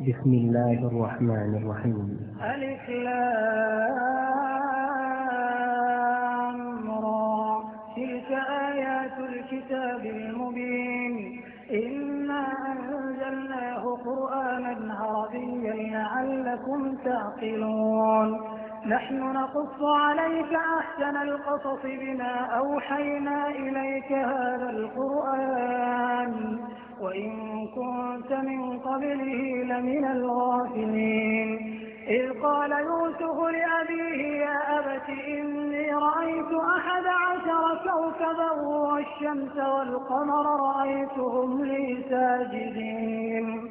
بسم الله الرحمن الرحيم ألف لامرى تلك آيات الكتاب المبين إنا أنزلناه قرآنا عربيا لعلكم تعقلون نحن نقص عليك أحسن القصص بما أوحينا إليك هذا القرآن وإن كنت من قبله لمن الغافلين إذ قال يوسف لأبيه يا أبت إني رأيت أحد عشر كوكبا والشمس والقمر رأيتهم لي ساجدين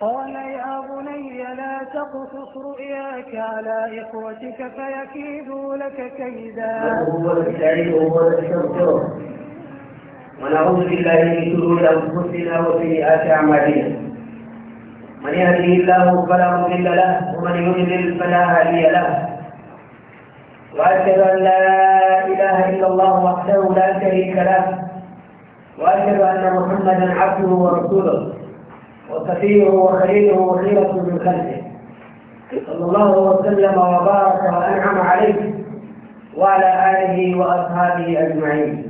قال يا بني لا تقصص رؤياك على إخوتك فيكيدوا لك كيدا ونعوذ بالله من شرور انفسنا وسيئات اعمالنا من يهده الله فلا مضل له ومن يضلل فلا هادي له واشهد ان لا اله الا الله وحده لا شريك له واشهد ان محمدا عبده ورسوله وصفيه وخليله وخيره من خلقه صلى الله وسلم وبارك وانعم عليه وعلى اله واصحابه اجمعين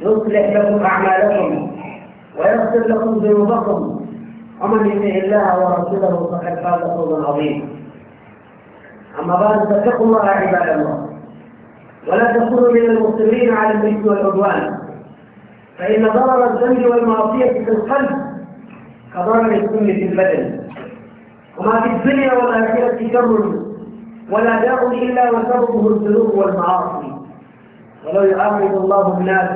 يصلح لكم أعمالكم ويغفر لكم ذنوبكم ومن يطع الله ورسوله فقد فاز فوزا عظيما أما بعد فاتقوا الله عباد الله ولا تكونوا من المصرين على الملك والعدوان فإن ضرر الذنب والمعصية في القلب كضرر السم في البدن وما في الدنيا والآخرة شر ولا داء إلا وسببه الذنوب والمعاصي ولو يؤمن الله الناس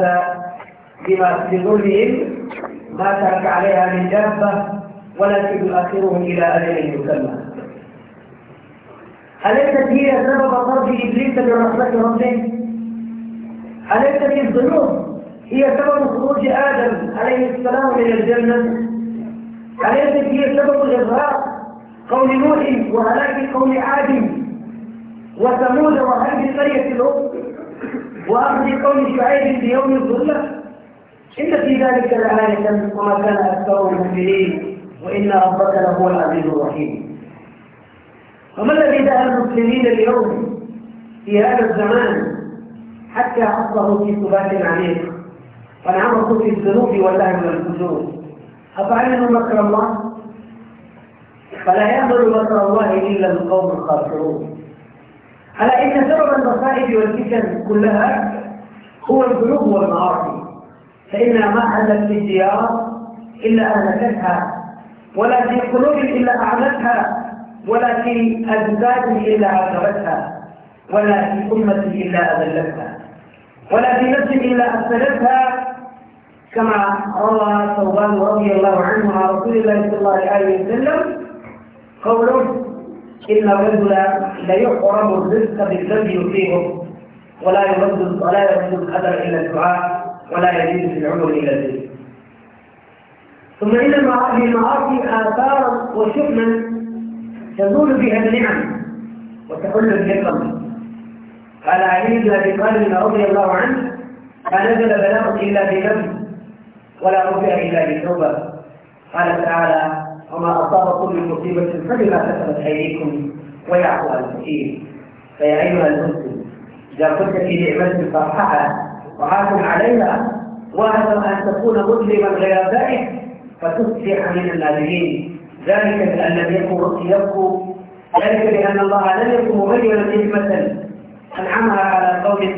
بما في ظلمهم ما ترك عليها من دابة ولكن يؤخرهم إلى أجل يسمى أليست هي سبب طرد إبليس من رحمة ربه؟ أليست الذنوب هي سبب خروج آدم عليه السلام من الجنة؟ أليست هي سبب الإغراق قول نوح وهلاك قول عاد وثمود وهذه القرية الأخرى وأخذ قول شعيب في يوم الظلة إن في ذلك لآية وما كان أكثر المؤمنين وإن ربك لهو العزيز الرحيم وما الذي دعا المسلمين اليوم في هذا الزمان حتى حصلوا في ثبات عميق وانعمقوا في الذنوب واللهم والفجور أفعلموا مكر الله فلا يعمل مكر الله إلا القوم الخاسرون على أن سبب المصائب والفتن كلها هو الذنوب والمعاصي فإن ما حلت في الديار إلا أهلكتها ولا في قلوب إلا أعلتها ولا في أجساد إلا عذبتها ولا في أمة إلا أذلتها ولا في نفس إلا افسدتها كما روى ثوبان رضي الله عنه على رسول الله صلى الله عليه وسلم قوله إن الرجل ليحرم الرزق بالذنب يصيبه ولا يرد ولا يرد القدر إلا الدعاء ولا يزيد في العمر إلا الدين ثم إن هذه المعاصي آثارا وشؤما تزول بها النعم وتحل بها القمر قال علي بن أبي طالب رضي الله عنه ما نزل بلاء إلا بذنب ولا رفع إلا بتوبة قال تعالى وما أصابكم من مصيبة فبما كسبت أيديكم ويعفو عن كثير فيا أيها المسلم إذا كنت في نعمة فارحها وعاف عليها واعلم أن تكون مظلما غير ذلك فتصبح من النادمين ذلك بأن لم يكن يبكو ذلك بأن الله لم يكن مغيرا نعمة أنعمها على قوم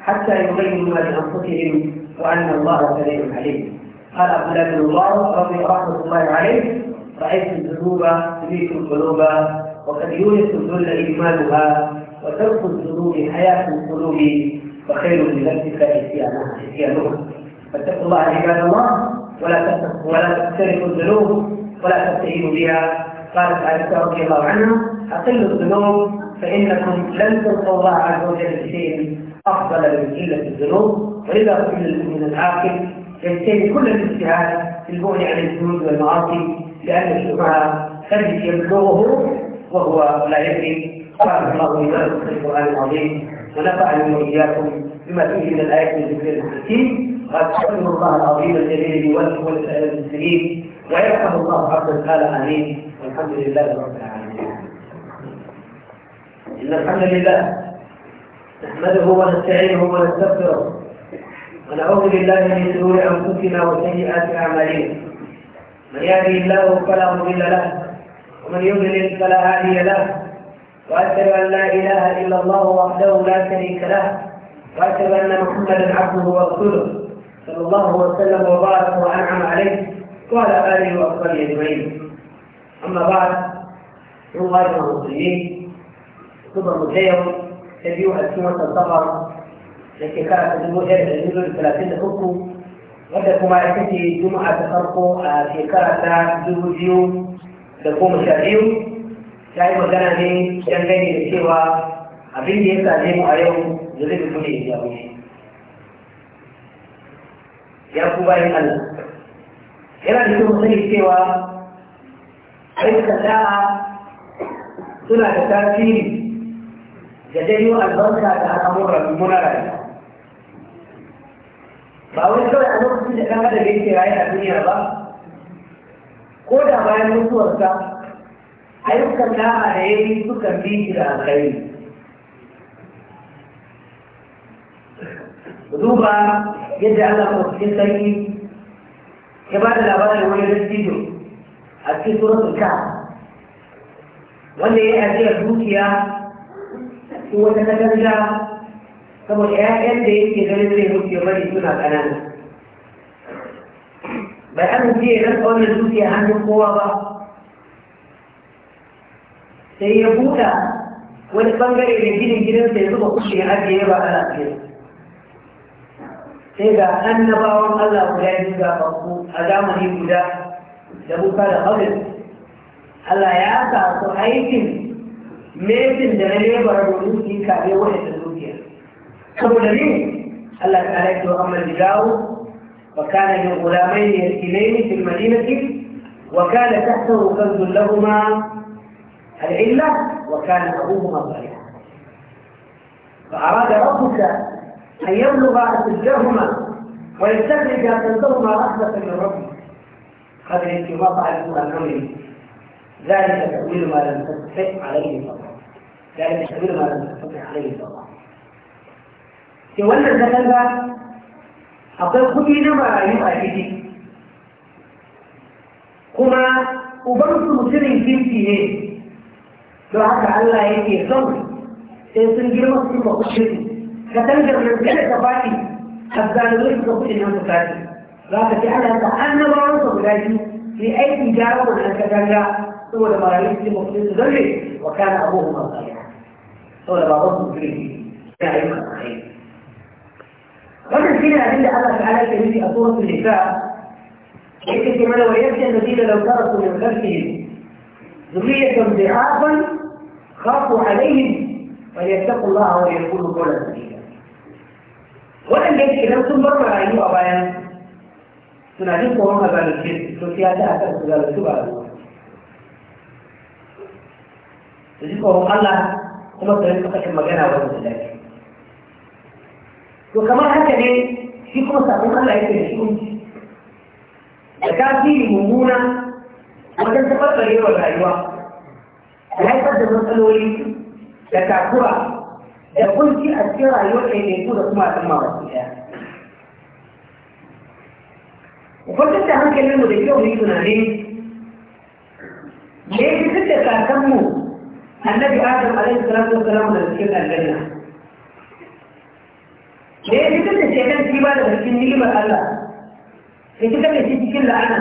حتى يبينوا ما لأنفسهم وأن الله سميع عليم قال عبد الله الله رضي الله عليه رأيت الذنوب تميت القلوب وقد يونس الذل إجمالها وترك الذنوب حياة القلوب وخير لنفسك إتيانها إتيانها فاتقوا الله عباد الله ولا ولا تقترفوا الذنوب ولا تستهينوا بها قالت عائشة رضي الله عنها أقلوا الذنوب فإنكم لن تلقوا الله عز وجل بشيء أفضل من قلة الذنوب وإذا قل المؤمن العاقل يجتهد كل الاجتهاد في البعد عن الذنوب والمعاصي لأن الشفعاء قد يبلغه وهو لا يدري قال الله في القرآن العظيم ونفعني وإياكم بما فيه من الآيات من ذكر الحكيم قد تحمل الله العظيم الجليل بوجهه ولسائر المسلمين ويرحم الله عبد قال آمين والحمد لله رب العالمين. إن الحمد لله نحمده ونستعينه ونستغفره ونعوذ بالله من شرور أنفسنا وسيئات أعمالنا من يهده الله فلا مضل له ومن يضلل فلا هادي له واشهد ان لا اله الا الله وحده لا شريك له واشهد ان محمدا عبده ورسوله صلى الله وسلم وبارك وانعم عليه وعلى اله واصحابه اجمعين اما بعد غير المسلمين ثم مجيب تبيع السنة الصغر لكي كانت تدبو جرد الجزء الثلاثين حكم wadda kuma ita ce juma'a ta farko a shekara ta dubu biyu da goma sha biyu ta yi magana ne dangane da cewa abin da ya same mu a yau da zai fito da ya wuce ya ku bayan Allah yana da kyau sani cewa ayyuka da'a suna da tasiri da janyo albarka da al'amuran muna rayuwa ba wani kawai a lokacin da ɗan adam yake raye a duniya ba ko da bayan mutuwarsa ayyukan da'a da ya yi suka fi shi da alkhairi duba yadda Allah ko cikin sarki ya ba da labarin wani dattijo a cikin suratul ka wanda ya yi ajiyar dukiya ko wata katanga saboda ‘ya'yan da yake ganin zai wuce bari suna ƙanana bai amince ya rasa wannan dukiya hannun kowa ba sai ya buɗa wani ɓangare da ginin gidansa ya zuba kushe ajiye ba a lafiya sai ga annabawan Allah guda biyu ga baku a zamani guda da buka da haurin Allah ya sa su aikin mesin da na lebar domin su yi kare waɗanda أبو لبيب قال لك عليك أم الجاو وكان من غلامين يأتينين في المدينة وكان تحته كنز لهما العلة وكان أبوهما صالحا فأراد ربك أن يبلغ أشدهما ويستخرج كنزهما رحمة من ربك قبل انتباط على عن أمر ذلك تأويل ما لم تستطع عليه فضلا ذلك تأويل ما لم تستطع عليه فضلا ke wannan katanga akwai kuɗi na marayu a ciki kuma ubansu mutumin kirki ne don haka Allah yake son sai sun girma su ma kuɗi katangar nan kada ta faɗi a zalurai suka kuɗi nan su faɗi za ka ce ana ta annabawansa guda biyu sai aiki gyara wannan katanga saboda marayu su ma kuɗi su zalle wa kana abubuwan saboda babansu mutumin kirki ya yi masa ومن حين أدلة الله تعالى الكريم في سورة النساء يكفي كما لو يكفي الذين لو تركوا من خلفهم ذرية ضعافا خافوا عليهم أن يتقوا الله وليكونوا قولا سديدا ولم يكفي لم تنظر مع أي سنعجبكم سنعجب بعد أبا الكريم سنسياتها تأتي إلى السبعة الأولى سنجب قرون الله ثم الطريق فقط كما كان أبا الكريم to kamar haka ne shi kuma sabon Allah yake da shi kunci da tasiri mummuna wajen tabarbarewar rayuwa da haifar da matsaloli da takura da kunci a cikin rayuwar ɗaiɗaiku da kuma al'umma wasu ɗaya. Kwantar da hankalin mu da kyau mu yi tunani me ya fitar da kakanmu annabi Adam alaihi salatu wa salam da cikin aljanna. da ya fitar da shekar shi ba da cikin ni'imar Allah ya fitar da shi cikin la'ana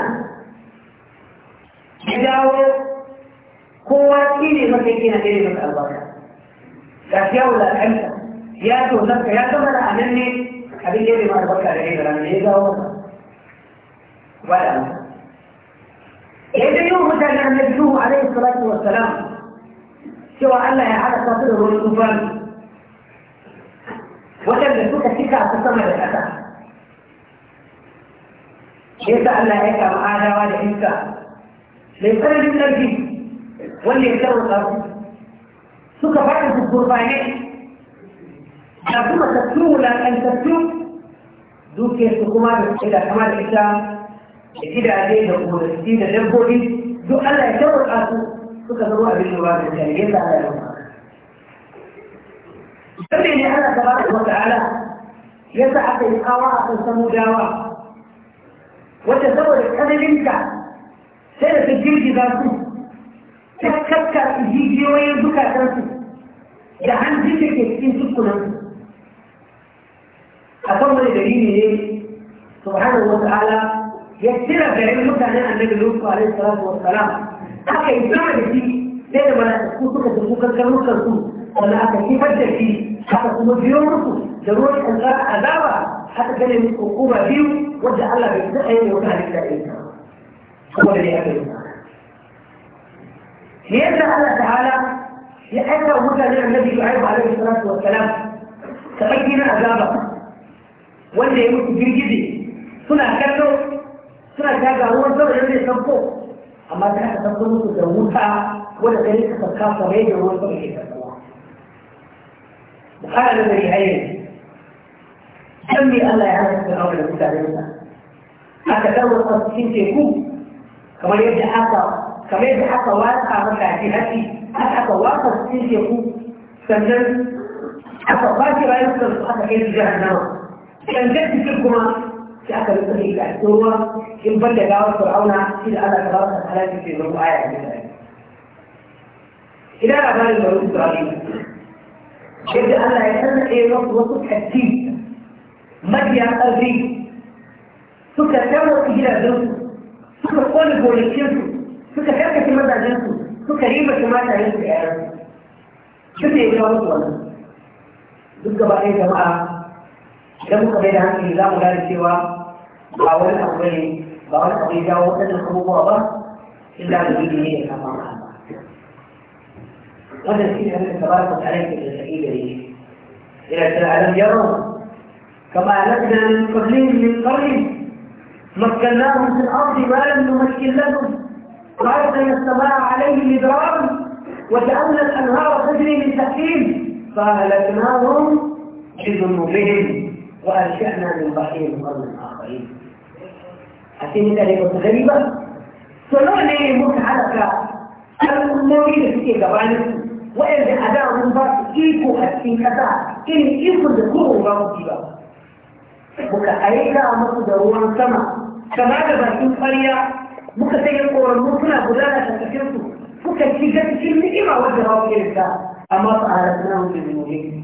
ya dawo kowa shi ne maka yake na ɗaya maka albarka ga shi yawo da kanta ya to zarka ya zama da anan ne abin da ya zama albarka da ya zama ya dawo maka ba da amsa ya dai yau mutanen annabi Nuhu alaihi salatu wassalam cewa Allah ya haɗa su da ruwan tufani وكان بيكون كثيرا تسمى الأسى شيطة ألا هيك معانا ولا هيك ليسان من الجيد واللي يتلو الأرض سوكا فاكم في الضربانة لابدما تسلو ولا أن تسلو دوكي سوكما بسكيدا كما الإسلام يجد عليه لكم الأسدين اللي بقولي دو ألا يتلو الأرض سوكا نروح بالنواب الجاليين على الأرض Sabi ne ana tabaraka wa ta'ala ya sa aka yi kawa a kan samudawa wanda saboda tsananinka sai da ta girgiza su ta kakka su jijiyoyin zukatansu da hanji da ke cikin sukunansu a kan wani dalili ne subhanahu wa ta'ala ya cire garin mutanen annabi lutu alaihi salatu wa salam aka yi zama da shi sai da mala'iku suka tafi kankan su ولا كيف تجي هذا هو اليوم ضروري ان ترى ادابا حتى تجي الحكومه فيه وجه الله بالسعي وذلك دائما هو الذي يعلم ليجعل الله تعالى لأنه هو الذي يعرف عليه الصلاة والسلام تأكينا أجابا وإنه يموت في الجزء سنة كتو سنة كتو هو الزر الذي يسبقه أما تحت تنظمه تدوثا ولا تريد تتكاف ريجا هو الزر الذي يسبقه حال العين سمي الله يعرف فرعون المتعلمة هذا دور القصصين تكون كما يبدأ حتى كما يبدأ حتى واقع مشاهداتي حتى واقع السين تكون سمجل حتى فاكرة يمكن حتى كيف جهنم كان جد تلكما في يبدأ في الأسوة إن بلغ فرعون إلى أن أدرك الحلال في الرؤية إلى أبان المولود يبدأ yadda Allah ya sanaye masu wasu hatti mafiya ƙarfi suka tarwata gidajensu suka kone gonakinsu suka karkace mazajensu suka riba su matayensu da yaransu suka yi kawo su wannan duk gaba ɗaya jama'a idan muka bai da hankali za mu gane cewa ba wani abu ne ba wani abu ya jawo waɗannan abubuwa ba illa da ne ya kama ولا فيه أنك تباركت عليك بالسكينة لي إلى ألم يرون كما أعلمنا من قبلهم من قريب مكناهم في الأرض ما لم نمكن لهم وأرسلنا السماء عليهم إدرارا وجعلنا الأنهار تجري من تحتهم فأهلكناهم بذنوبهم وأنشأنا من بحرهم قرنا آخرين أتيني كلمة غريبة سنعني متحركة المؤمنين في كبانكم waɗanda a da mun ba su iko a cikin ƙasa irin ikon da kuma ba mu ba muka aika musu da ruwan sama kama da bakin ƙwarya muka sanya ƙoramu suna gudana a cikin su muka shiga cikin ni'ima wadda ba mu yarda amma ba a halatta na mutum ne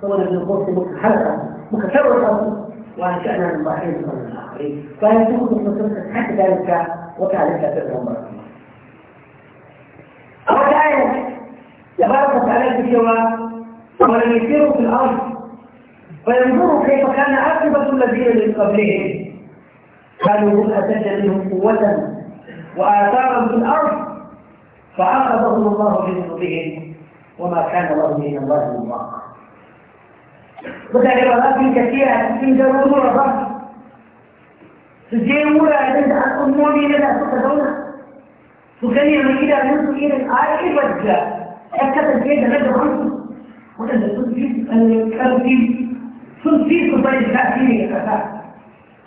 saboda bin kotu muka halaka muka tarwata su wa shi ana da ba a yi da bayan sun kuma sun ka haka dalika wata halitta ta zama a wata ayar تبارك وتعالى بكما ولم يسيروا في الأرض فينظروا كيف كان عاقبة الذين من قبلهم كانوا هم أتت منهم قوة وآثارا في الأرض فعاقبهم الله في بذنوبهم وما كان الله من الله من الله بدأ عبارات كثيرة من ضرورة الرب تجيب ولا عند الأمور لنا تتدون تكلم إلى نصف إلى الآخر الكتب جيدة لازم عنه ولا اللي تقول فيه الكتب فيه تقول فيه كتب الكتاب فيه كتاب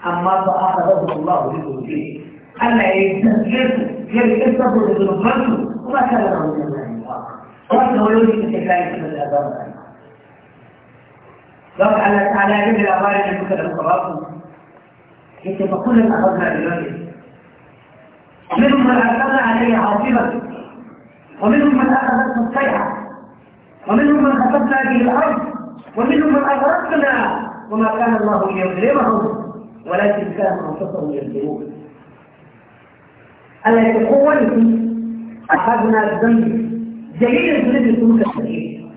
أما فأخذه الله لكم فيه ألا يتنزل يتنزل لذنوبته وما كان له من الله وأنه يوجد في ذلك من الأذان لو على على يد الأغاني اللي كتب القرآن يتبقون الأخذنا بذلك منهم من أخذنا عليه عاصمة ومنهم من أخذتنا الصيحة ومنهم من خسفنا به الأرض ومنهم من أغرقنا وما كان الله ليظلمهم ولكن كان أنفسهم يظلمون التي قوته أخذنا الذنب جميل الذنب يكون كثير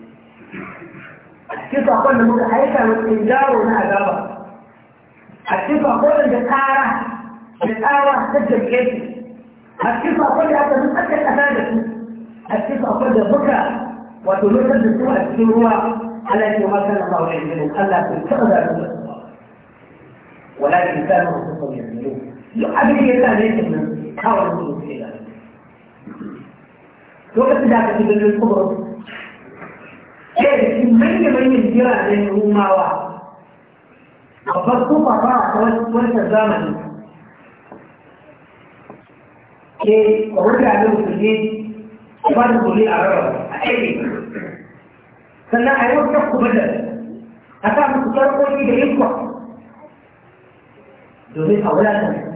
كيف أقول لك حيث الإنذار أجابة كيف أقول لك الآرة الآرة تجد كيف كيف أقول لك أنت تتأكد أمامك التسعة قد بكى وتلوث بالسوء السوء التي وكان الله يعلمهم ألا تتخذ ولكن كانوا أنفسهم يعملون يحبني الله ليس من حول المسلمين lokacin da aka ci birnin kubur ɗaya da cikin manya-manyan jiragen rumawa babbar kufa ba a wancan zamani ke kwarar da abin musulmi وبعد تقول لي أعرف أحيي سنة أيوة تفكو بدل أتعرف أتعب تكتر قولي بيبقى دوزي أولادا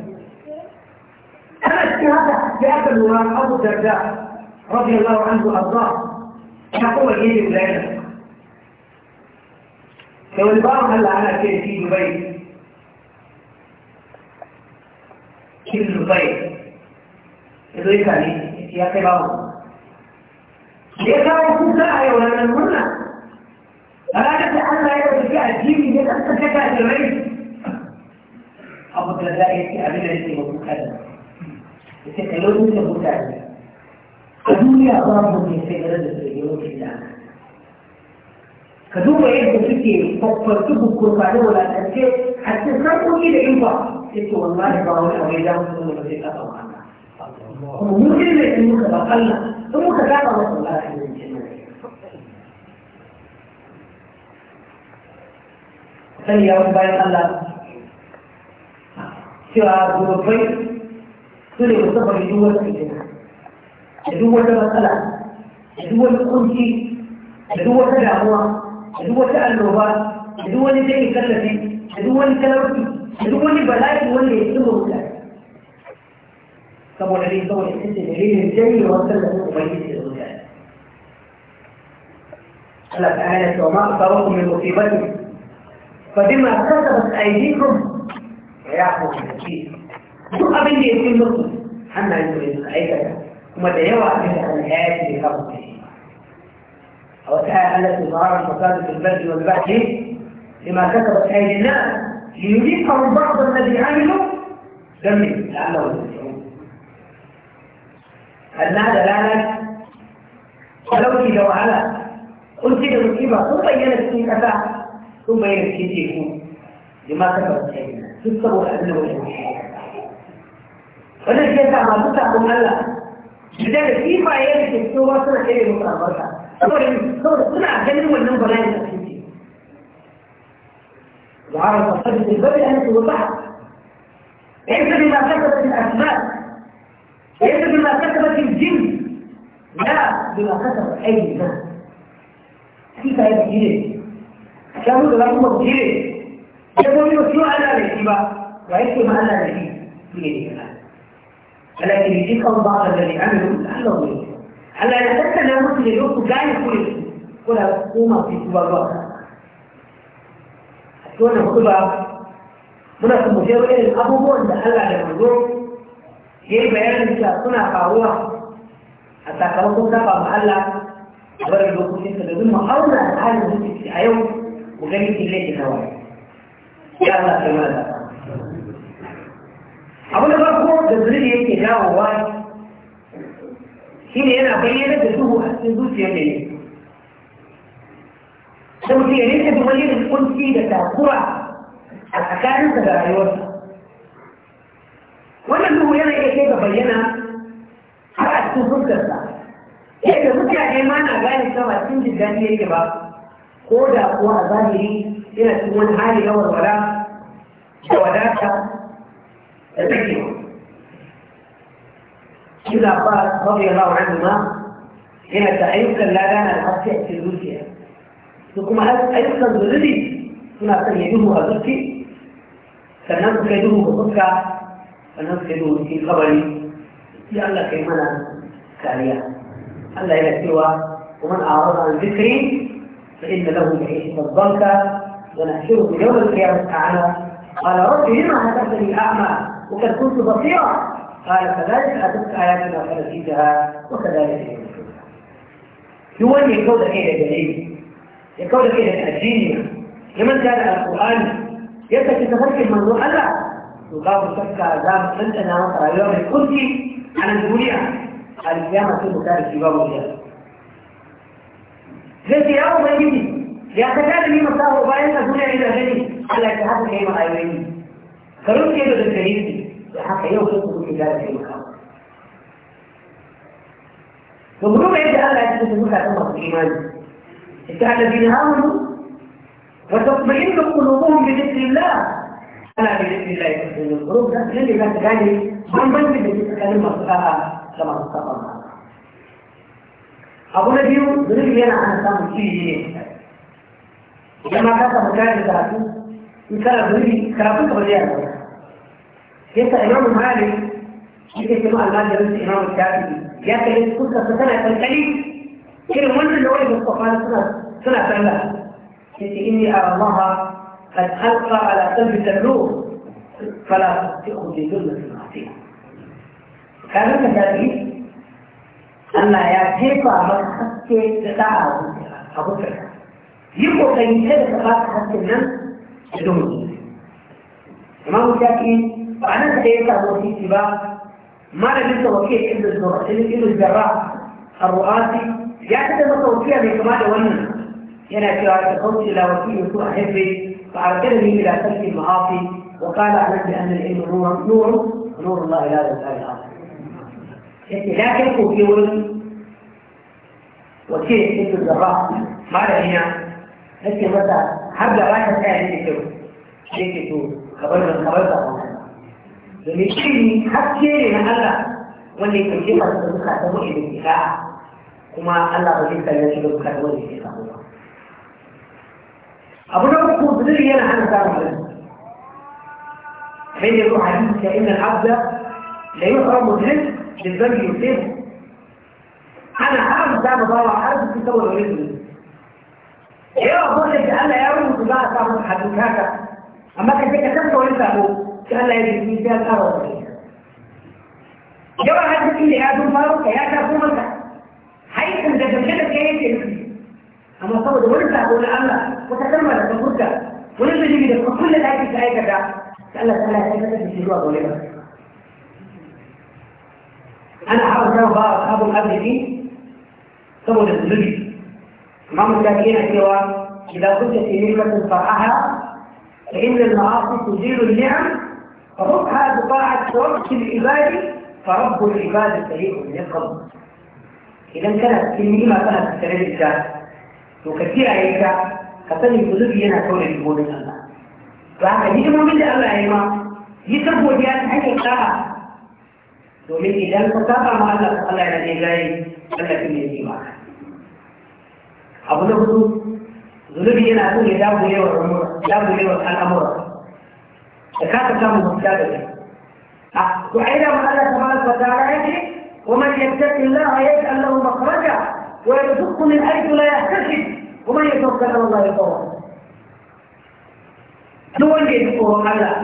أنا اجتهاد في أكل وراء أبو الدرداء رضي الله عنه وأرضاه حقوة يدي ولاينا لو البعض هلا أنا كيف في دبي كيف دبي إذا يسألني يا كبار me ya kawo kuka a yau ranar murna ranar da Allah ya ɗauki addini ya tsaka da rai abu da za a yi abin da yake ba kuka da ita ka lokacin da kuka da a duniya babu mai sai da da sai lokacin da ka duba yadda suke kwakwarci bukurfa da wadatacce a cikin sarkoki da yin ba sai ce wallahi ba wani abu ya damu su da sai ka ɗauka. Kuma mutum ne in muka ba Allah ثم تجاهل الله sani ya wani bayan Allah cewa gurbai su ne musamman duk wata fitina da duk wata matsala da duk wani kunci da duk wata damuwa da duk wata annoba da duk wani jini kallafi da duk wani talauci da duk wani bala'i wanda ya tsimo mutane طب والنبي صلى الله عليه وسلم يحس بليل الجاي ورسل له أبيت على آية وما أكثركم من مصيبتكم فبما كسبت أيديكم فيعفو من الكيس دقة بني يكون نصف حمى أنه من الأيدة وما عن الحياة اللي في خبطه أو تهى ألا تظهر المصاد في البلد والبحر لما كسبت أيدي الناس ليجيبهم بعض الذي عملوا دمي لعله الإسلام المعدة لعنك ولو في دوالة قلت له مصيبة ثم ينس في كفاء ثم ينس في تيكون لما تبقى في الصبر أبنه وجود الشيء ونجد أن تعمل تتعلم الله بدل في ما ينس في سوى سنة كيف يمكن أن تصور سنة جنة من نمو لا ينس في تيكون وعرف الصدق الباب أنت وضعت عندما كتبت الأسماء ليس بما كتبت الجن لا بما كتب اي ناس كيف هيجي كانوا لهم مجيء يقول له شو الاجتماع الاتباع ويكتب انا الذي في ولكن يجيك الله الذي عملوا لعله على انا حتى لو مثل اليوم كان يقول كل حكومه في سوبر هتكون خطبه muna kuma sai wani abubuwan da على الموضوع ya yi bayanin cewa suna faruwa a sakamakon saba ma Allah a barin lokacin da domin mu auna da halin zuciya a yau ku gani kin laifi na waye ya Allah kai mana da abu da farko da zuri yake dawowa shi ne yana bayyana da duhu a cikin zuciyar da ne da mutum ya rinka da wani kunci da takura a tsakaninsa da rayuwarsa wannan duhu yana iya kai ga bayyana har a cikin fuskarsa yadda mutane ma na gane cewa cikin jirgin yake ba ko da kuwa a zahiri yana cikin wani hali na walwala da wadata da take Ibn Abbas radiyallahu anhu ma yana da ayyukan ladana da haske a cikin zuciya su kuma ayyukan zurri suna sanya duhu a zuci sannan su kai duhu ga fuska فننفذ في خبري لئلا كي منع كاريا ألا إلى سوى ومن أعرض عن ذكري فإن له معيشة الضنكة ونحشره يوم القيامة تعالى قال رب لما هدفتني أعمى وقد كنت بصيرا قال كذلك أتتك آياتنا فنسيتها وكذلك هو أن يكون كيد جليل يكون إلى أجيني لمن كان القرآن يبدأ تتفكر منظور الله وباب شكا زام انت انا ترى يوم الكرسي على الدنيا القيامة كله كان في باب الجنة أبو يوم يا يتكلم لي مصاب وبعدين الدنيا الى جنة على جهاز الحين الحيواني فلوس يدو للكريم حتى يوم كله في ذلك المكان ومنهم يبدا الله يسلمك على الايمان انت الذين امنوا وتطمئن قلوبهم بذكر الله أنا بإذن الله يكون الظروف ده اللي بس يعني من بس بيتكلم مصلحة كما تطلع أقول لك يوم إيوه، ذنبي أنا أنا سامع شيء لما كانت مكان ذاته يكرر ذنبي كرافته بديعه يسأل الإمام مالك يجي الإمام المالك يجي الإمام الشافعي يأكل كل سنة الكليم كل من اللي هو المصطفى سنة سنة فلا يجي إني أرى الله قد ألقى على قلب تبلوغ فلا تصدقه في ذلة المعصية كان كذلك أن يا جيفا مكتبت تتعاو أبو فكرة يقول كي يتحدث تقاط حتى النم بدون إمام الشافعي وأنا سيدة أبو في سباق ما لم توكيل ابن الزراع ابن الجراح الرؤاسي يعتبر توكيل من كمال ونن يعني في هذا الصوت إلى وكيل يسوع حفظ فعلى كده الى سلك المعاصي وقال اعلم بان العلم نور نور نور الله لا يزال العاصي لكن في ولد وكيف كيف الزراعة ما هنا لكن متى حد رايح تاني كده كيف تقول خبرنا خبرنا ومشيني حكيني من الله واللي يمكن يفعل بخاتمه الاتفاع كما الله بجد الذي بخاتمه الاتفاع أبونا na uku أنا أنا hana samun lalata حين يروح عزيز كأن العبد لا يقرب مجلس للباب يكتبه أنا عارف ده مضيع عارف في صور رجلي إيه أبونا لك قال يا أبونا لا تعمل حدوكاك أما كان فيك كم وأنت أبوك قال لي يجي في ذات أبونا جوا هذا اللي قاعد يفارق يا كفومك حيث إذا كانت كانت amma saboda wani sako na Allah wata kalma da ta furta wani zunubi da kuma kullum da ake aikata Allah ta ya aikata da shi zuwa ga wani ba أنا حاول أنا بقى أصحاب الأمر دي سبب الذل إمام الشافعي سوى إذا كنت في نعمة فرحها فإن المعاصي تزيل النعم فروحها بطاعة وقت العباد فرب العباد سريع النقم إذا كانت النعمة كانت في سبيل الله to ka kiyaye ka ka sani zunubi yana kaure hikimomin Allah to haka hikimomin da Allah ya ma yi ta godiya ta hanyar sa'a domin idan ka saba ma Allah Allah yana ne gaye Allah shi ne ya ma abu na hudu zunubi yana so ya dagulewar al'amura da ka ta samu mafita da shi a to ai da ma Allah ta ba ta ta'ala yake ومن يتق الله يجعل له مخرجا ويرزقه من حيث لا يحتسب ومن يتوكل على الله يتوكل دول يذكرون على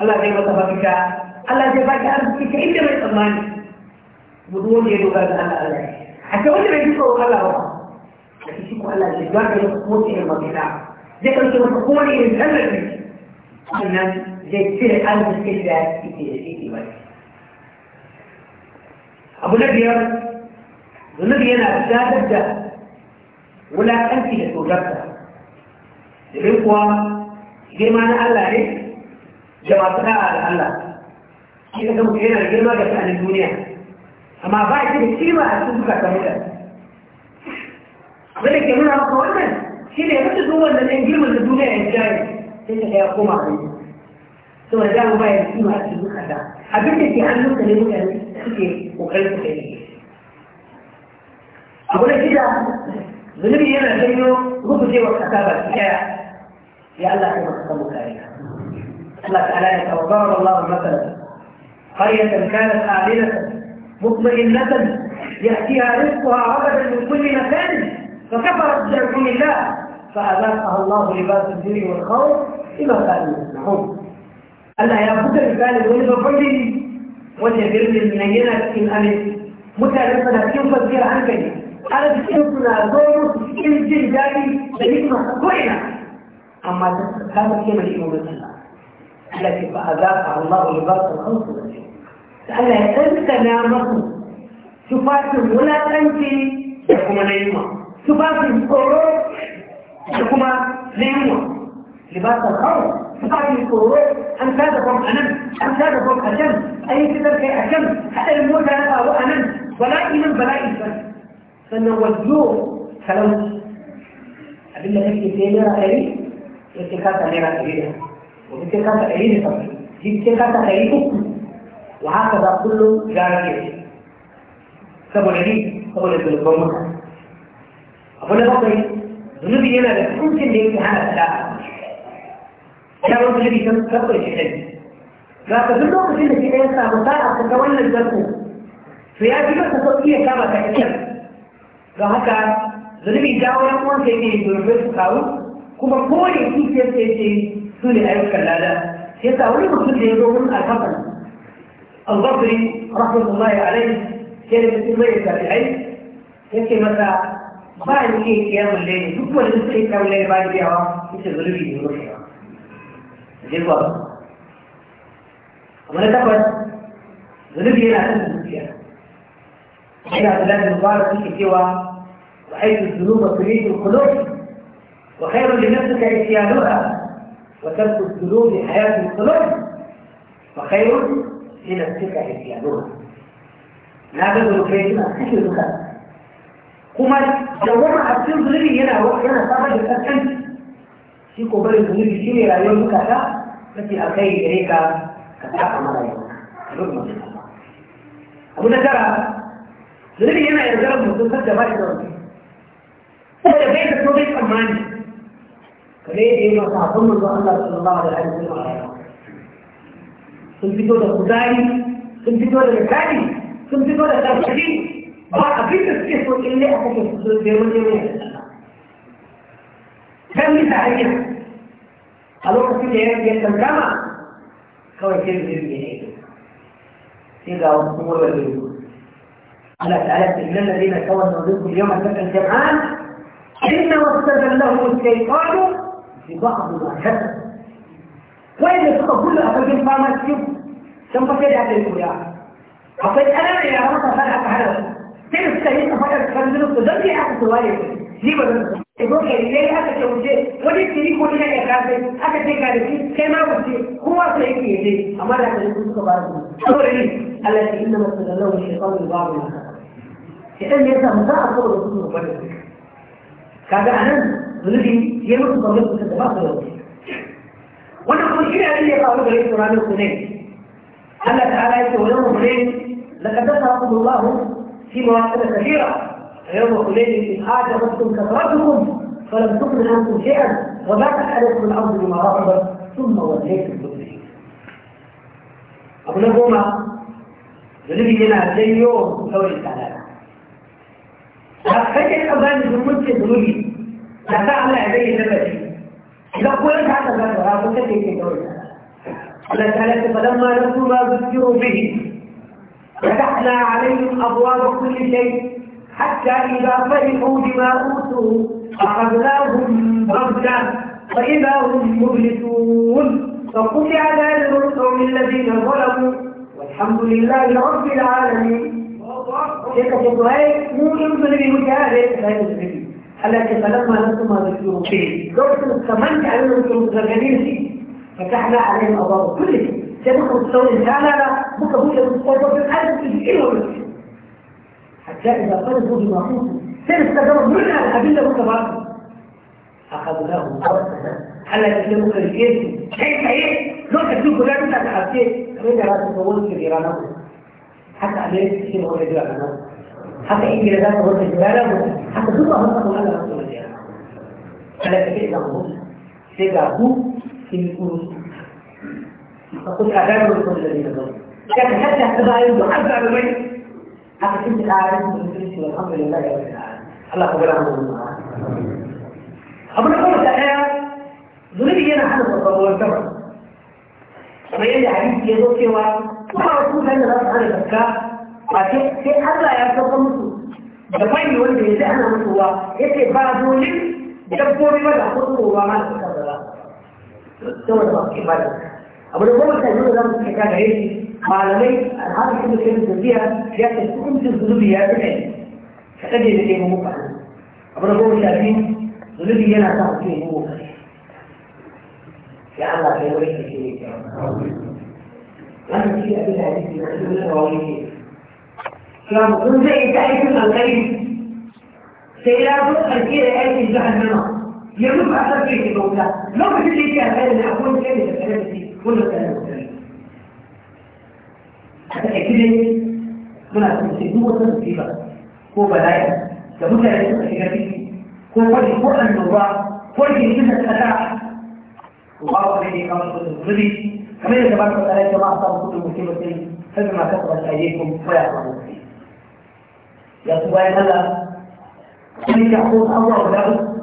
الله زي ما تفكك الله زي ما كان فيك انت من الاماني ودول يذكر الله الله حتى وانت الله هو يشكو الله يجبرك لحكمته المضيعة ذكر انت بتقولي يتهمك انك أن كثير قلب كده في في ابو نبيل النبي انا ابتدا ولا انت تجبت الاخوة دي معنى الله ايه جواتنا على الله كيف انت ممكن هنا الجلمة جت عن الدنيا اما بعد كده كتير ما اسمك كاملة ولك يقول على قوانا كده يا بس هو ان الانجيل من الدنيا الجاي كده هيقوم عليه ثم جاءوا بقى يسيروا هاتف الدنيا حبيبتي عنه كلمة كتير وكلمة كتير abu na shida zunubi yana janyo rubutewar kasa ba ki daya ya Allah ya maka samu kariya Allah ta'ala ya kawo zarar Allah masalan قرية كانت آمنة مطمئنة يأتيها رزقها عبدا من كل مكان فكفرت بأنعم الله فأذاقها الله لباس الجوع والخوف بما كانوا يصنعون Allah ya buga misalin wani babban gini wanda birnin nan yana cikin amin mutane suna cikin kwanciyar hankali على بسيطنا زور بسيطين جلداني لنجمة كلنا أما هذا كما الإمام الله التي فأذاقها الله لباس الخوف لأنها تنتنا مصر تفاتل ولا تنتي لكم نعيمة تفاتل قرور لكم نعيمة لباس الخوف بعد الكورونا أنفادكم أنم أنفادكم أشم أي كتاب كي أشم حتى الموت أنا أو أنم ولا إيمان بلا إيمان sannan wajo kalan abin da kake sai naira ɗari ya ce kasa naira ɗari da wani sai kasa ɗari da saba'in shi sai kasa ɗari uku wa haka za kullum gara ke saboda ni saboda zulubban mutane abu na bakwai zunubi yana da kuncin da yake hana sada'a yawon zunubi kan sabbin shi ɗari za ka duk lokacin da shi ɗaya samu sa'a ka ga wannan zarko to ya fi masa sauƙi ya kama ka ɗiyar don haka zunubi jawo ya kuma sai ne domin su kawo kuma kowane kike sai ce su ne ayyukan lada sai sa wani mutum da ya zo mun alfafan al-basri rahmatullahi alaihi sai da mutum mai tabi'ai yake masa ba ni ke kiyamun laili duk wanda suka yi kiyamun laili ba ni biyawa ita zunubi ne mafi yawa je kuwa ولا تقل ذنوب هنا أنت مستيا هنا عبد الله بن مبارك في سوى وحيث الذنوب تريد الخلوص وخير لنفسك اتيانها وترك الذنوب لحياه الخلوص وخير لنفسك اتيانها لا بد من كيف تحسبك كما لو ما حسبت لي هنا هو هنا صاحب الاسكن في كبر الذنوب الشيء لا يملك هذا التي اخي اليك كتاب ما يملك ابو ذكر لذلك هنا يرجع المسلسل جمال فتبين الطريق المعنى فليه ما تعظم الله صلى الله عليه وسلم sun fito da kuzari sun fito da misali sun fito da ƙarfashi ba abin da suke so in a kake su da wani ne kan bisa hanya a lokacin da ya kankama kawai sai zai ne sai ga wasu kuma wani ana ta'ala ta ilalla dina kawai na zuku yau a kan jama'an إنما استدله الشيطان ببعض الأشد وإن تقول أفجل فما تشوف ثم تدعى للكلية أقول أنا إلى رمضة فلا أفعله كيف تستهيط فقط تخلص تدري حتى سوالي ليه بدل يقول لي هذا كوجه ودي تري كل شيء كافي هذا شيء كافي كما قلت هو صحيح يجي أما لا تقول كبار أوري الذي إنما استدله الشيطان ببعض الأشد شيطان يسمى ذا أقول رسول الله kaga a nan ya mutu ba mutu da ba da wani wannan kuma shi ne ya faru ranar ku ne Allah لقد ذكركم الله في مواقف كثيرة يوم حنين إن أعجبتكم كثرتكم فلم تكن شيئا وباقت عليكم الأرض بما رحبت ثم وليتم مدبرين أقول لكم ذنبي لنا زي يوم فكر أبان الجمود تدولي لك على عدي نبتي إذا قلت هذا لا ترى قلت كيف تدولي الله تعالى فلما نسوا ما ذكروا به فتحنا عليهم أبواب كل شيء حتى إذا فرحوا بما أوتوا أخذناهم بغتة فإذا هم مبلسون فقطع دابر القوم الذين ظلموا والحمد لله رب العالمين يكتب هاي مو يمكن أن يقول يا ريت لا يمكن التي فلما نسوا ما ذكروا فيه دورتم كمان تعلموا انتم متغنين فيه فتحنا عليهم ابواب كل شيء سيبقوا تسوي لا لا لا بكره بكره بكره في الحاجه تجيبوا حتى اذا قالوا بما قلتم سير استجابوا منها الادله متبعه اخذناهم قرصنا على يكلمك الجيش كيف ايه لو تجيبوا لا انت حسيت من راس الدول في ايرانهم حتى امريكا كثير هو يجوع حتى انجلترا هو يجوع حتى دول هم هم انا مسؤول يعني انا كثير مهووس سيجابو في الكروس فقلت اغامر لكم الذين ظلموا كان حتى هتبقى يبدو حتى على البيت حتى كنت اعلم والحمد لله يا رب العالمين الله قبلهم أبو نقول الآية ذنبي هنا حدث الضرورة كما فيلي حديث يدوكي kuma wasu mutane za su hana zakka ba sai Allah ya sauka musu da fanni wanda ya zai ana musu ruwa ya ce ba dole dabbobi ba da kuɗin ruwa ma da suka zara saboda ba ke ba da abu da kuma mutane da za mu cika gare shi malamai alhamdu kuma sai da biya ya ce hukuncin zunubi ya fi ne kaɗan ne da ke mu ba abu da kuma shafi zunubi yana sa mutum ya yi mu ya Allah kai wani ke shi ne أنا في أبي الحديث يقول لنا وليه كما قلت زي تعريف الغيب سيلاقوا الكيل آية جهنم يملك أثر في الموتى لو مثل اللي كان هذا اللي أقول كلمة الكلام دي كل الكلام هذا أكيد muna cikin wata musiba ko bala'i da mutane suka shiga ciki ko wani ko annoba ko jirgin da tsada ba wani ne kawai da zuri كما يتبعكم عليك ما أصاب كل مصيبة فبما كفرت أيديكم ويعلم فيه يا سبحان الله كل يقول الله له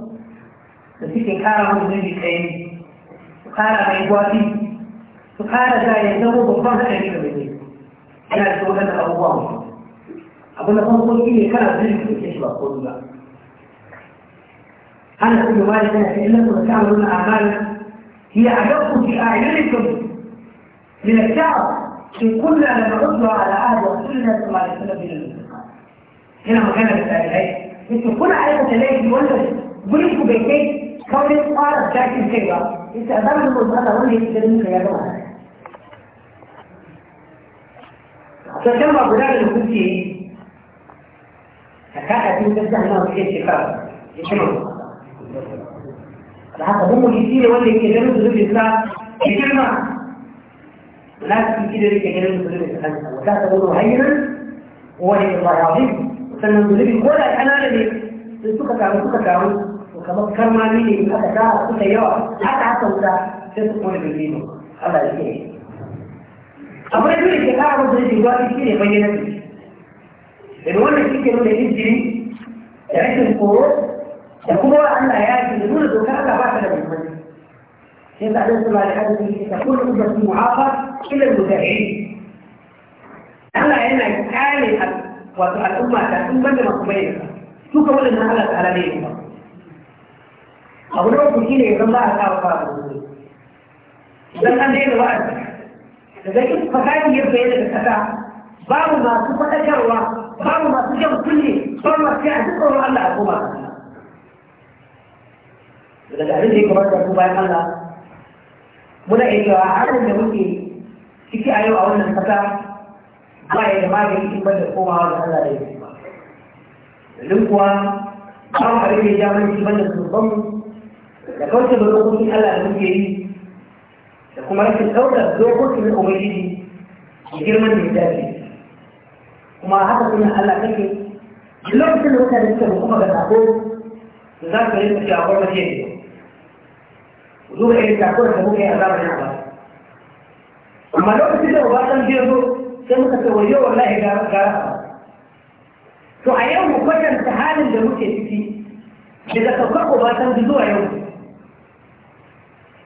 لكن كان من ذي كيم وكان من جواتي وكان لا يزوج بفرح كبير أنا أقول لك الله أقول لك أقول لك كان ذي كيف أقول لك أنا كل مالك أنا في تعملون أعمال هي أدق في أعينكم من الشعب إن كنا لنعدها على عهد رسولنا صلى الله عليه وسلم من الانتقام هنا مكانة التابعين انتوا كل عليكم تلاقي يقول بوليكو بيتين كوني قارة بشكل كده انت قدام المنطقة وين يتكلموا كده يا جماعة عشان ما بقول لك اللي كنت ايه هكاكا دي بس احنا ما بنحكيش كده شنو حتى هم اللي يصيروا ولا يتكلموا في الاسلام لا تكيد لك إلى المسلم الخلفة وكانت تقول هينا وولي الله عظيم وسنن ذلك ولا حلال لك تسوك تعمل سوك تعمل وكما ما لي من أكثر سيارة حتى حتى وسا تسوكون بالدين الله يكيه أما يقول لك أعرض للجواب كثير يبين لك إن وانا كثير من الإنجلي تعيش القرون يقول أن آيات من دون الدكاتة بعد من المنزل من بعد ما لحدث تكون مدة معاقة إلى المدافعين أما أن الآن والأمة تكون بين مقبلة شو كمان أن هذا على ليه أو لو كنت إذا ما أتعرف إذا كان ليه الوقت لكن فكان يبقى لك الكفاءة بعض ما تفتكر الله بعض ما تجر كل بعض ما تذكر الله أبوه إذا تعرف لي كمان أبوه الله muna iya cewa halin da muke ciki a yau a wannan kasa ba ya da magani in bada komawa da Allah da yake ba domin kuwa ba mu kare ne ja mun ban da zurban da kauce da dokokin Allah da muke yi da kuma rashin daura dokokin ubangiji da girman da ya kuma haka sunan Allah kake lokacin da mutane suka kuma ga sako za su rinka cewa gwamnati ne zuwa irin takurar da muka yi a zamanin ba amma lokacin da ba san je zo sai muka ce wayo wallahi ga ga to a yau mu kwatanta halin da muke ciki daga saukar Obasanjo zuwa yau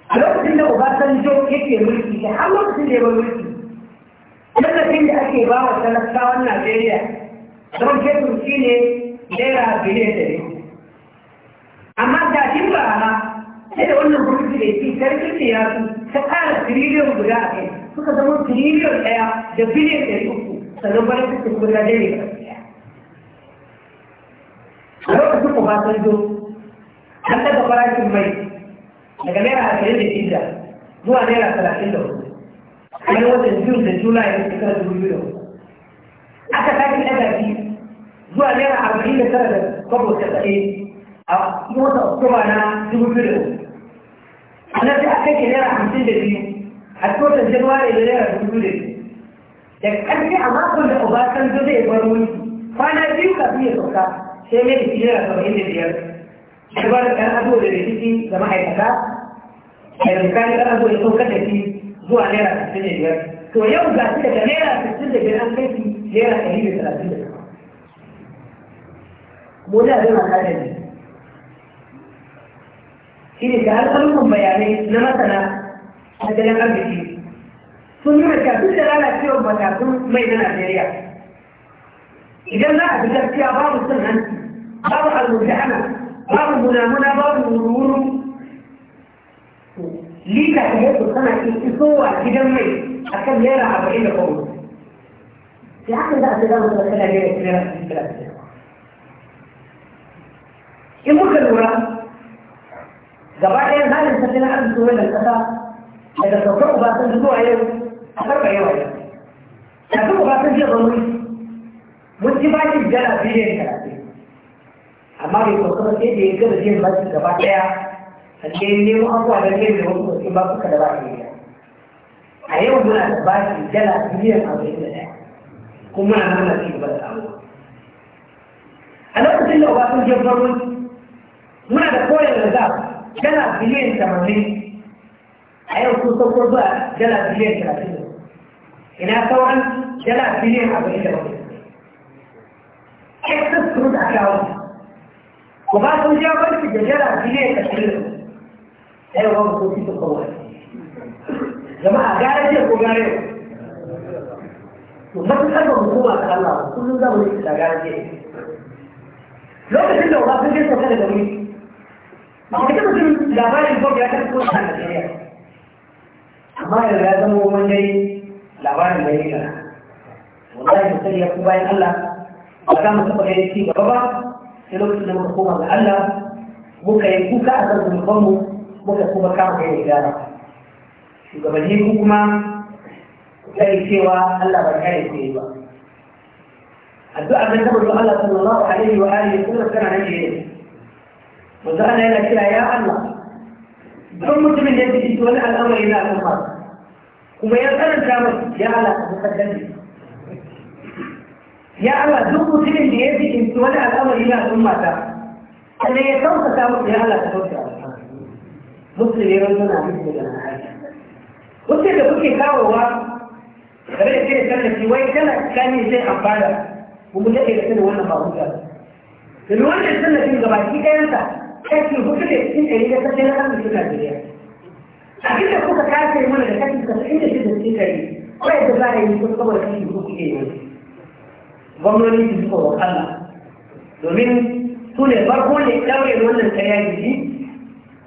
a lokacin da Obasanjo yake mulki da har lokacin da ya bar mulki tallafin da ake ba wa talakawan Najeriya don kekun shi ne naira biliyan ɗari amma kafin ba sai da wannan gwamnati da ke sarkin ne ya su ta ƙara tiriliyon guda a kai suka zama tiriliyon ɗaya da biliyan ɗari uku sannan bayan suka kuma na dare a lokacin ku ba sun zo an daga farashin mai daga naira ashirin da shida zuwa naira talatin da hudu a yi watan jun da jula ya shekara dubu biyu da hudu aka sake ɗaga shi zuwa naira arba'in da tara da kwabo casa'in a watan oktoba na dubu biyu da hudu أنا في أحكي ليرة خمسين دقيقة هتكون الجدول اللي ليرة خمسين دقيقة لكن أنا في أماكن لأباكن جزء بروني فأنا فيه كبير سوكا شيء من السيارة سبعين دقيقة شباب كان أبو لريتي لما حيتكا كان أبو يسوكا تكي زوا ليرة خمسين دقيقة تو يوم قاعد كده ليرة خمسين دقيقة أنا كيفي ليرة قريبة ثلاثين دقيقة مو ده ده shine da alƙalin bayanai na masana tattalin arziki sun nuna kafin da lalacewar matakun mai na Najeriya. Idan za a fi gaskiya babu sun hanci, babu almujahana, babu munamuna, babu wuru Lita ta yadda tana isowa gidan mai a kan naira arba'in da kwanu. Sai haka za a fi zama da kala naira naira arba'in da In muka lura, gaba ɗaya halin tattalin arzikin wannan ƙasa daga saukar ubasan zuwa yau a karɓa yawa yau saukar ubasan jiya ban wuri mun ci bakin jana biliyan talatin amma bai sauka ba sai da ya gaba jin bakin gaba ɗaya a ce nemo abuwa da ne da wasu wasu ba suka da ba su a yau muna da bakin jana biliyan arba'in da ɗaya kuma muna nuna ci gaba da abuwa a lokacin da ubasan jiya ban wuri muna da koyar da zaɓa جلب بلين تمانين ايو سوصف ربا جلب بلين تلاتين انا طوعا جلب بلين عبر ايجا وقت كيف تسرد اكاوان وغاكو جاوان في جلب بلين تلاتين ايو غاو سوصف القوان جماعة قارجة وقارجة وما تخلوا مقومة كالله كل ذا وليس لا قارجة لو تخلوا غاكو جيس وقارجة وقارجة akwai ta mutum labarin bob ya tafi kusa a Najeriya amma yanzu ya zama wani dai labarin bai nila wallahi mutum ya fi bayan Allah ba za mu taɓa ganin ci gaba ba sai lokacin da muka koma ga Allah muka yi kuka a kan zunubanmu muka kuma kama kai gyara shugabanni ku kuma kai cewa Allah ba kare ku ba addu'a nan da Allah sallallahu alaihi wa alihi wa sallam tana nan ne وقال لك يا الله حمد من يدك تولى الامر الى الاخر وما يقال الكامل يا الله مقدمي يا الله ذوق سنين بيدك ان تولى الامر الى ثم تاع ان يتوقع تاوك يا الله تتوقع مسلم يرزونا عبد الله وكيف كاو هو غير كده كان في وقت كان كان زي عباره ومجاهد كده وانا ما هو كده الوالد سنه في جماعه كده انت كانت الهجرة يكون إلينا فكرة أمن في الأدرياء أكيد يكون تكاثر من الأكاد تسعين جدا في كريم ولا يتبع أن يكون قبل كي يكون في كريم ضمنني تذكر الله ومن سنة برهن للدولة الولى الكيان دي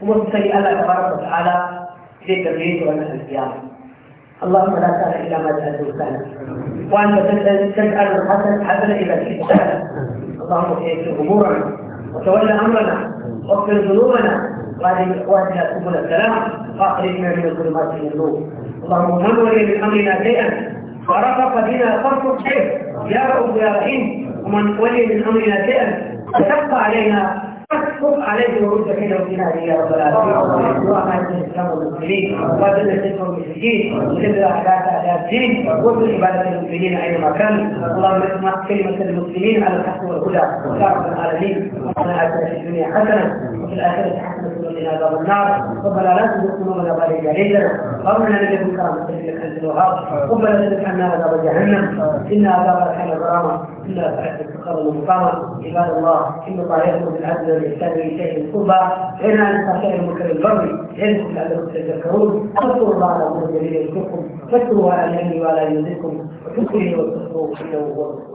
وما تسلي الله تبارك وتعالى في تبليغ وأنا القيامة اللهم لا سهل إلا ما جعلته سهلا وأنت تسأل الحسن حسنا إلى الحسن اللهم اهدنا أمورنا وتولى أمرنا واغفر ذنوبنا وهذه اخواتنا سبل السلام واخرجنا من الظلمات الى النور اللهم من ولي من امرنا شيئا فرفق بنا فرق شيء يا رب يا رحيم ومن ولي من امرنا شيئا وشق علينا احكم عليه ورد كيدهم الى يا رب العالمين اللهم أنزل الاسلام والمسلمين واذل الشرك والمشركين وذل أحداث اعداء الدين واذل عباده المسلمين اينما كانوا اللهم اسمع كلمه المسلمين على الحق والهدى يا العالمين ربنا اتنا الدنيا حسنه وفي الاخره حسنه إلى باب النار ربنا لا تزغ قلوبنا بعد إذ هديتنا وهب لنا من لدنك رحمة إنك أنت الوهاب ربنا لا تجعلنا عذاب جهنم إن عذاب الحين غرامة إلا فعلت الفقر والمقامة عباد الله إن طائعكم بالعدل والإحسان في لشيء القربى إن عن الخير المنكر البر إنكم لعلكم تتذكرون فاذكروا الله على أمور جميل يذكركم فاذكروا على اليمين ولا يمينكم وشكره واستغفروه إنه هو